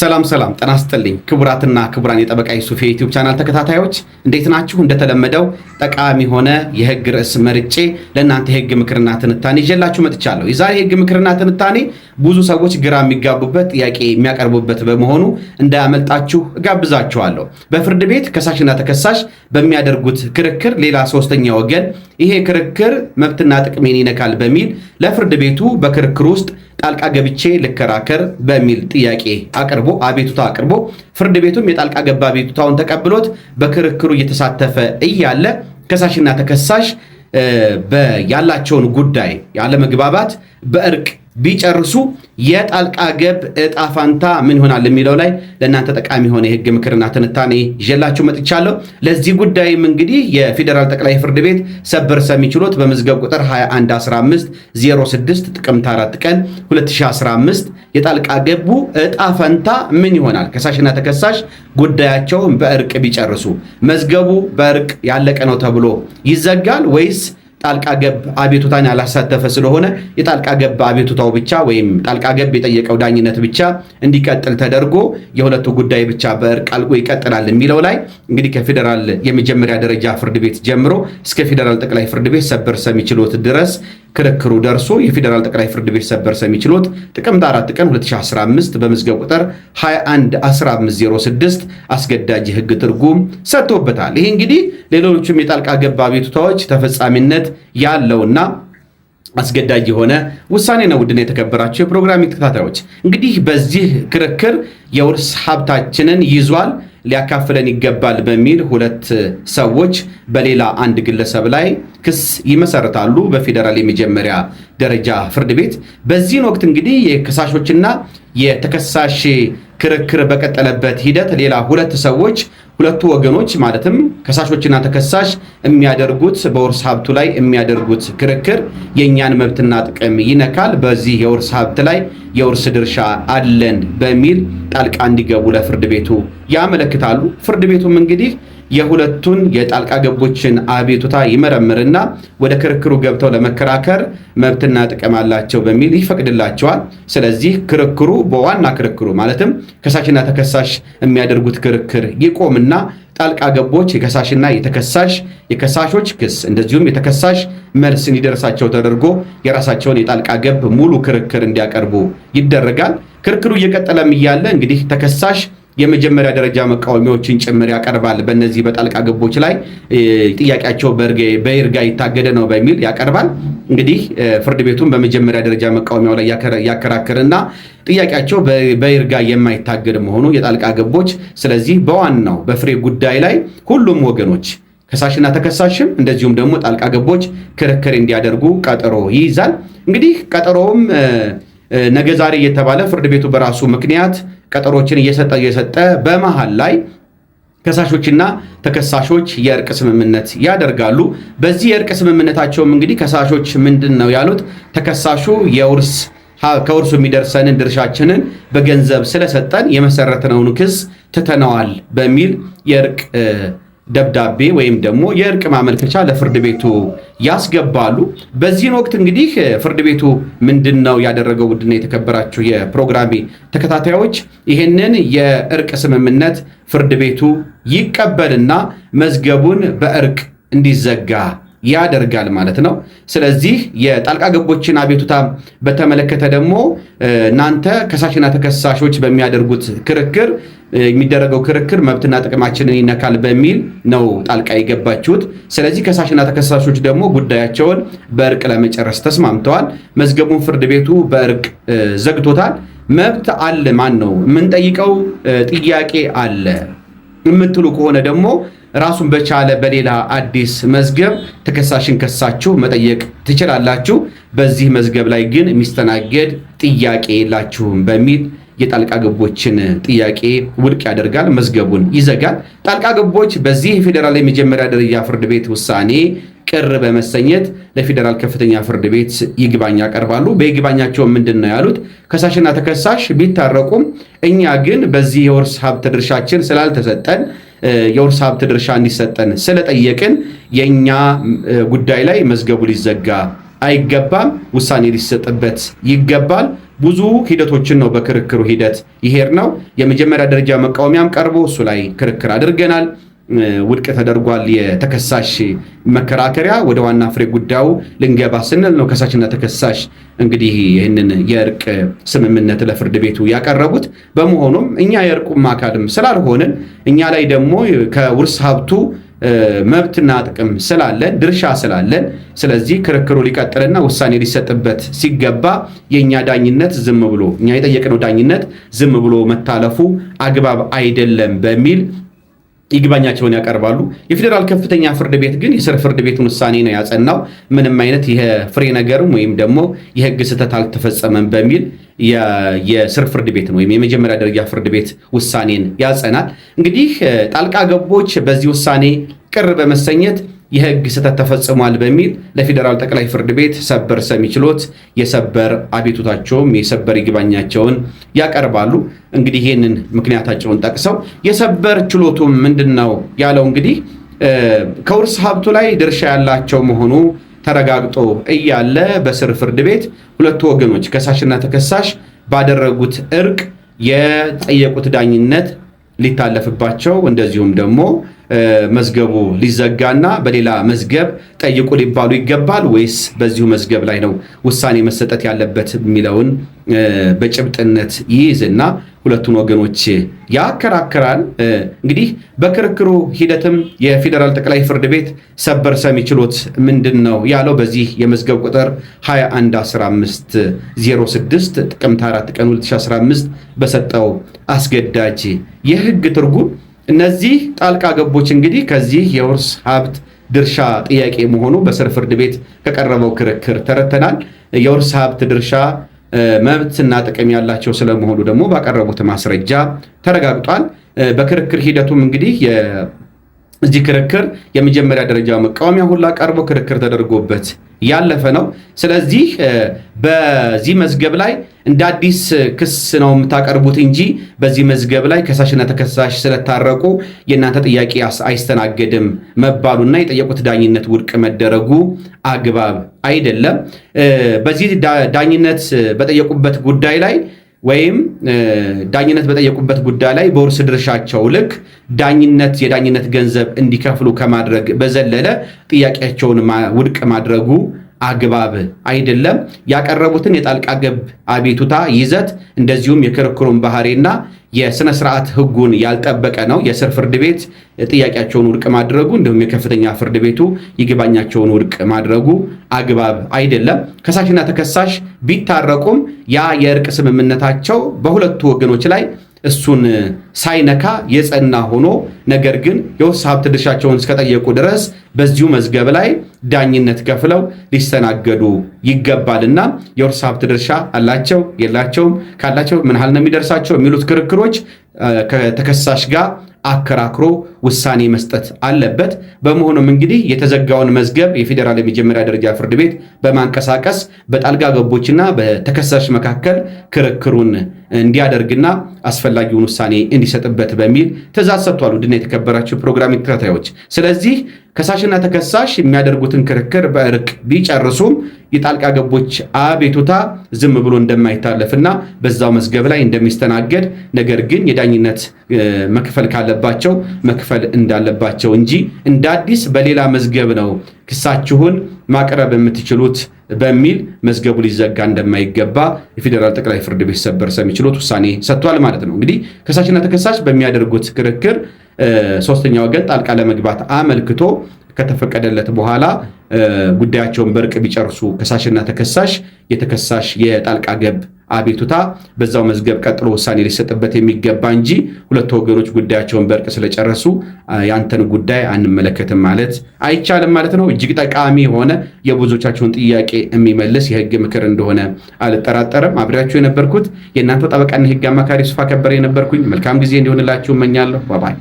ሰላም ሰላም ጤና ይስጥልኝ ክቡራትና ክቡራን የጠበቃ ዩሱፍ የዩቲዩብ ቻናል ተከታታዮች እንዴት ናችሁ? እንደተለመደው ጠቃሚ የሆነ የህግ ርዕስ መርጬ ለእናንተ የህግ ምክርና ትንታኔ ይዤላችሁ መጥቻለሁ። የዛሬ የህግ ምክርና ትንታኔ ብዙ ሰዎች ግራ የሚጋቡበት ጥያቄ የሚያቀርቡበት በመሆኑ እንዳያመልጣችሁ እጋብዛችኋለሁ። በፍርድ ቤት ከሳሽና ተከሳሽ በሚያደርጉት ክርክር ሌላ ሶስተኛ ወገን ይሄ ክርክር መብትና ጥቅሜን ይነካል በሚል ለፍርድ ቤቱ በክርክር ውስጥ ጣልቃ ገብቼ ልከራከር በሚል ጥያቄ አቅርቦ አቤቱታ አቅርቦ ፍርድ ቤቱም የጣልቃ ገባ አቤቱታውን ተቀብሎት በክርክሩ እየተሳተፈ እያለ ከሳሽና ተከሳሽ ያላቸውን ጉዳይ ያለመግባባት በእርቅ ቢጨርሱ የጣልቃ ገብ እጣ ፋንታ ምን ይሆናል የሚለው ላይ ለእናንተ ጠቃሚ የሆነ የህግ ምክርና ትንታኔ ይዤላችሁ መጥቻለሁ። ለዚህ ጉዳይም እንግዲህ የፌዴራል ጠቅላይ ፍርድ ቤት ሰበር ሰሚ ችሎት በመዝገብ ቁጥር 211506 ጥቅምት 4 ቀን 2015 የጣልቃ ገቡ እጣ ፈንታ ምን ይሆናል፣ ከሳሽና ተከሳሽ ጉዳያቸውን በእርቅ ቢጨርሱ መዝገቡ በእርቅ ያለቀ ነው ተብሎ ይዘጋል ወይስ ጣልቃ ገብ አቤቱታን ያላሳተፈ ስለሆነ የጣልቃ ገብ አቤቱታው ብቻ ወይም ጣልቃ ገብ የጠየቀው ዳኝነት ብቻ እንዲቀጥል ተደርጎ የሁለቱ ጉዳይ ብቻ በእርቅ አልቆ ይቀጥላል የሚለው ላይ እንግዲህ ከፌዴራል የመጀመሪያ ደረጃ ፍርድ ቤት ጀምሮ እስከ ፌዴራል ጠቅላይ ፍርድ ቤት ሰበር ሰሚ ችሎት ድረስ ክርክሩ ደርሶ የፌዴራል ጠቅላይ ፍርድ ቤት ሰበር ሰሚ ችሎት ጥቅምት 4 ቀን 2015 በመዝገብ ቁጥር 211506 አስገዳጅ ህግ ትርጉም ሰጥቶበታል። ይህ እንግዲህ ሌሎቹም የጣልቃ ገባ አቤቱታዎች ተፈጻሚነት ያለውና አስገዳጅ የሆነ ውሳኔ ነው። ውድና የተከበራቸው የፕሮግራሚንግ ተከታታዮች እንግዲህ በዚህ ክርክር የውርስ ሀብታችንን ይዟል ሊያካፍለን ይገባል በሚል ሁለት ሰዎች በሌላ አንድ ግለሰብ ላይ ክስ ይመሰርታሉ በፌዴራል የመጀመሪያ ደረጃ ፍርድ ቤት። በዚህን ወቅት እንግዲህ የከሳሾችና የተከሳሽ ክርክር በቀጠለበት ሂደት ሌላ ሁለት ሰዎች ሁለቱ ወገኖች ማለትም ከሳሾችና ተከሳሽ የሚያደርጉት በውርስ ሀብቱ ላይ የሚያደርጉት ክርክር የእኛን መብትና ጥቅም ይነካል፣ በዚህ የውርስ ሀብት ላይ የውርስ ድርሻ አለን በሚል ጣልቃ እንዲገቡ ለፍርድ ቤቱ ያመለክታሉ። ፍርድ ቤቱም እንግዲህ የሁለቱን የጣልቃ ገቦችን አቤቱታ ይመረምርና ወደ ክርክሩ ገብተው ለመከራከር መብትና ጥቅም አላቸው በሚል ይፈቅድላቸዋል። ስለዚህ ክርክሩ በዋና ክርክሩ ማለትም ከሳሽና ተከሳሽ የሚያደርጉት ክርክር ይቆምና ጣልቃ ገቦች የከሳሽና የተከሳሽ የከሳሾች ክስ እንደዚሁም የተከሳሽ መልስ እንዲደርሳቸው ተደርጎ የራሳቸውን የጣልቃ ገብ ሙሉ ክርክር እንዲያቀርቡ ይደረጋል። ክርክሩ እየቀጠለም እያለ እንግዲህ ተከሳሽ የመጀመሪያ ደረጃ መቃወሚያዎችን ጭምር ያቀርባል። በእነዚህ በጣልቃ ገቦች ላይ ጥያቄያቸው በይርጋ ይታገደ ነው በሚል ያቀርባል። እንግዲህ ፍርድ ቤቱን በመጀመሪያ ደረጃ መቃወሚያው ላይ ያከራክርና ጥያቄያቸው በይርጋ የማይታገድ መሆኑ የጣልቃ ገቦች ስለዚህ በዋናው በፍሬ ጉዳይ ላይ ሁሉም ወገኖች ከሳሽና ተከሳሽም እንደዚሁም ደግሞ ጣልቃ ገቦች ክርክር እንዲያደርጉ ቀጠሮ ይይዛል። እንግዲህ ቀጠሮውም ነገ ዛሬ እየተባለ ፍርድ ቤቱ በራሱ ምክንያት ቀጠሮችን እየሰጠ እየሰጠ በመሃል ላይ ከሳሾችና ተከሳሾች የእርቅ ስምምነት ያደርጋሉ። በዚህ የእርቅ ስምምነታቸውም እንግዲህ ከሳሾች ምንድን ነው ያሉት? ተከሳሹ የውርስ ከውርሱ የሚደርሰንን ድርሻችንን በገንዘብ ስለሰጠን የመሰረትነውን ክስ ትተነዋል በሚል የእርቅ ደብዳቤ ወይም ደግሞ የእርቅ ማመልከቻ ለፍርድ ቤቱ ያስገባሉ። በዚህን ወቅት እንግዲህ ፍርድ ቤቱ ምንድን ነው ያደረገው? ውድና የተከበራችሁ የፕሮግራሜ ተከታታዮች ይህንን የእርቅ ስምምነት ፍርድ ቤቱ ይቀበልና መዝገቡን በእርቅ እንዲዘጋ ያደርጋል ማለት ነው። ስለዚህ የጣልቃ ገቦችን አቤቱታ በተመለከተ ደግሞ እናንተ ከሳሽና ተከሳሾች በሚያደርጉት ክርክር የሚደረገው ክርክር መብትና ጥቅማችንን ይነካል በሚል ነው ጣልቃ የገባችሁት። ስለዚህ ከሳሽና ተከሳሾች ደግሞ ጉዳያቸውን በእርቅ ለመጨረስ ተስማምተዋል። መዝገቡን ፍርድ ቤቱ በእርቅ ዘግቶታል። መብት አለ። ማን ነው የምንጠይቀው ጥያቄ አለ የምትሉ ከሆነ ደግሞ ራሱን በቻለ በሌላ አዲስ መዝገብ ተከሳሽን ከሳችሁ መጠየቅ ትችላላችሁ። በዚህ መዝገብ ላይ ግን የሚስተናገድ ጥያቄ የላችሁም በሚል የጣልቃ ገቦችን ጥያቄ ውድቅ ያደርጋል፣ መዝገቡን ይዘጋል። ጣልቃ ገቦች በዚህ የፌዴራል የመጀመሪያ ደረጃ ፍርድ ቤት ውሳኔ ቅር በመሰኘት ለፌዴራል ከፍተኛ ፍርድ ቤት ይግባኝ ያቀርባሉ። በይግባኛቸው ምንድን ነው ያሉት? ከሳሽና ተከሳሽ ቢታረቁም እኛ ግን በዚህ የውርስ ሀብት ድርሻችን ስላልተሰጠን የውርስ ሀብት ድርሻ እንዲሰጠን ስለጠየቅን የእኛ ጉዳይ ላይ መዝገቡ ሊዘጋ አይገባም፣ ውሳኔ ሊሰጥበት ይገባል። ብዙ ሂደቶችን ነው በክርክሩ ሂደት ይሄድ ነው። የመጀመሪያ ደረጃ መቃወሚያም ቀርቦ እሱ ላይ ክርክር አድርገናል። ውድቅ ተደርጓል። የተከሳሽ መከራከሪያ ወደ ዋና ፍሬ ጉዳዩ ልንገባ ስንል ነው ከሳሽና ተከሳሽ እንግዲህ ይህንን የእርቅ ስምምነት ለፍርድ ቤቱ ያቀረቡት። በመሆኑም እኛ የእርቁም አካልም ስላልሆንን እኛ ላይ ደግሞ ከውርስ ሀብቱ መብትና ጥቅም ስላለን ድርሻ ስላለን፣ ስለዚህ ክርክሩ ሊቀጥልና ውሳኔ ሊሰጥበት ሲገባ የእኛ ዳኝነት ዝም ብሎ እኛ የጠየቅነው ዳኝነት ዝም ብሎ መታለፉ አግባብ አይደለም በሚል ይግባኛቸውን ያቀርባሉ። የፌዴራል ከፍተኛ ፍርድ ቤት ግን የስር ፍርድ ቤቱን ውሳኔ ነው ያጸናው። ምንም አይነት የፍሬ ነገርም ወይም ደግሞ የህግ ስህተት አልተፈጸመም በሚል የስር ፍርድ ቤት ወይም የመጀመሪያ ደረጃ ፍርድ ቤት ውሳኔን ያጸናል። እንግዲህ ጣልቃ ገቦች በዚህ ውሳኔ ቅር በመሰኘት የህግ ስህተት ተፈጽሟል በሚል ለፌዴራል ጠቅላይ ፍርድ ቤት ሰበር ሰሚ ችሎት የሰበር አቤቱታቸውም የሰበር ይግባኛቸውን ያቀርባሉ። እንግዲህ ይህንን ምክንያታቸውን ጠቅሰው የሰበር ችሎቱም ምንድን ነው ያለው እንግዲህ ከውርስ ሀብቱ ላይ ድርሻ ያላቸው መሆኑ ተረጋግጦ እያለ በስር ፍርድ ቤት ሁለቱ ወገኖች ከሳሽና ተከሳሽ ባደረጉት እርቅ የጠየቁት ዳኝነት ሊታለፍባቸው እንደዚሁም ደግሞ መዝገቡ ሊዘጋና በሌላ መዝገብ ጠይቁ ሊባሉ ይገባል ወይስ በዚሁ መዝገብ ላይ ነው ውሳኔ መሰጠት ያለበት የሚለውን በጭብጥነት ይይዝና ሁለቱን ወገኖች ያከራክራል። እንግዲህ በክርክሩ ሂደትም የፌዴራል ጠቅላይ ፍርድ ቤት ሰበር ሰሚ ችሎት ምንድን ነው ያለው? በዚህ የመዝገብ ቁጥር 211506 ጥቅምት 4 ቀን 2015 በሰጠው አስገዳጅ የህግ ትርጉም እነዚህ ጣልቃ ገቦች እንግዲህ ከዚህ የውርስ ሀብት ድርሻ ጥያቄ መሆኑ በስር ፍርድ ቤት ከቀረበው ክርክር ተረተናል። የውርስ ሀብት ድርሻ መብትና ጥቅም ያላቸው ስለመሆኑ ደግሞ ባቀረቡት ማስረጃ ተረጋግጧል። በክርክር ሂደቱም እንግዲህ እዚህ ክርክር የመጀመሪያ ደረጃ መቃወሚያ ሁላ ቀርቦ ክርክር ተደርጎበት ያለፈ ነው። ስለዚህ በዚህ መዝገብ ላይ እንደ አዲስ ክስ ነው የምታቀርቡት እንጂ በዚህ መዝገብ ላይ ከሳሽና ተከሳሽ ስለታረቁ የእናንተ ጥያቄ አይስተናገድም መባሉና የጠየቁት ዳኝነት ውድቅ መደረጉ አግባብ አይደለም። በዚህ ዳኝነት በጠየቁበት ጉዳይ ላይ ወይም ዳኝነት በጠየቁበት ጉዳይ ላይ በውርስ ድርሻቸው ልክ ዳኝነት የዳኝነት ገንዘብ እንዲከፍሉ ከማድረግ በዘለለ ጥያቄያቸውን ውድቅ ማድረጉ አግባብ አይደለም። ያቀረቡትን የጣልቃ ገብ አቤቱታ ይዘት እንደዚሁም የክርክሩን ባህሪና የስነ ስርዓት ህጉን ያልጠበቀ ነው። የስር ፍርድ ቤት ጥያቄያቸውን ውድቅ ማድረጉ እንዲሁም የከፍተኛ ፍርድ ቤቱ ይግባኛቸውን ውድቅ ማድረጉ አግባብ አይደለም። ከሳሽና ተከሳሽ ቢታረቁም ያ የእርቅ ስምምነታቸው በሁለቱ ወገኖች ላይ እሱን ሳይነካ የጸና ሆኖ ነገር ግን የውርስ ሀብት ድርሻቸውን እስከጠየቁ ድረስ በዚሁ መዝገብ ላይ ዳኝነት ከፍለው ሊስተናገዱ ይገባልና የውርስ ሀብት ድርሻ አላቸው የላቸውም፣ ካላቸው ምን ያህል ነው የሚደርሳቸው የሚሉት ክርክሮች ከተከሳሽ ጋር አከራክሮ ውሳኔ መስጠት አለበት። በመሆኑም እንግዲህ የተዘጋውን መዝገብ የፌዴራል የመጀመሪያ ደረጃ ፍርድ ቤት በማንቀሳቀስ በጣልቃ ገቦችና በተከሳሽ መካከል ክርክሩን እንዲያደርግና አስፈላጊውን ውሳኔ እንዲሰጥበት በሚል ትእዛዝ ሰጥቷል። ውድና የተከበራቸው ፕሮግራም ተከታታዮች፣ ስለዚህ ከሳሽና ተከሳሽ የሚያደርጉትን ክርክር በእርቅ ቢጨርሱም የጣልቃ ገቦች አቤቱታ ዝም ብሎ እንደማይታለፍና በዛው መዝገብ ላይ እንደሚስተናገድ ነገር ግን የዳኝነት መክፈል ካለባቸው መክፈል እንዳለባቸው እንጂ እንደ አዲስ በሌላ መዝገብ ነው ክሳችሁን ማቅረብ የምትችሉት በሚል መዝገቡ ሊዘጋ እንደማይገባ የፌዴራል ጠቅላይ ፍርድ ቤት ሰበር ሰሚ ችሎት ውሳኔ ሰጥቷል ማለት ነው። እንግዲህ ከሳሽና ተከሳሽ በሚያደርጉት ክርክር ሶስተኛ ወገን ጣልቃ ለመግባት አመልክቶ ከተፈቀደለት በኋላ ጉዳያቸውን በእርቅ ቢጨርሱ ከሳሽና ተከሳሽ የተከሳሽ የጣልቃ ገብ አቤቱታ በዛው መዝገብ ቀጥሎ ውሳኔ ሊሰጥበት የሚገባ እንጂ ሁለቱ ወገኖች ጉዳያቸውን በእርቅ ስለጨረሱ ያንተን ጉዳይ አንመለከትም ማለት አይቻልም ማለት ነው። እጅግ ጠቃሚ የሆነ የብዙዎቻቸውን ጥያቄ የሚመልስ የህግ ምክር እንደሆነ አልጠራጠርም። አብሬያችሁ የነበርኩት የእናንተው ጠበቃና የህግ አማካሪ ዩሱፍ ከበር የነበርኩኝ። መልካም ጊዜ እንዲሆንላችሁ እመኛለሁ። ባባይ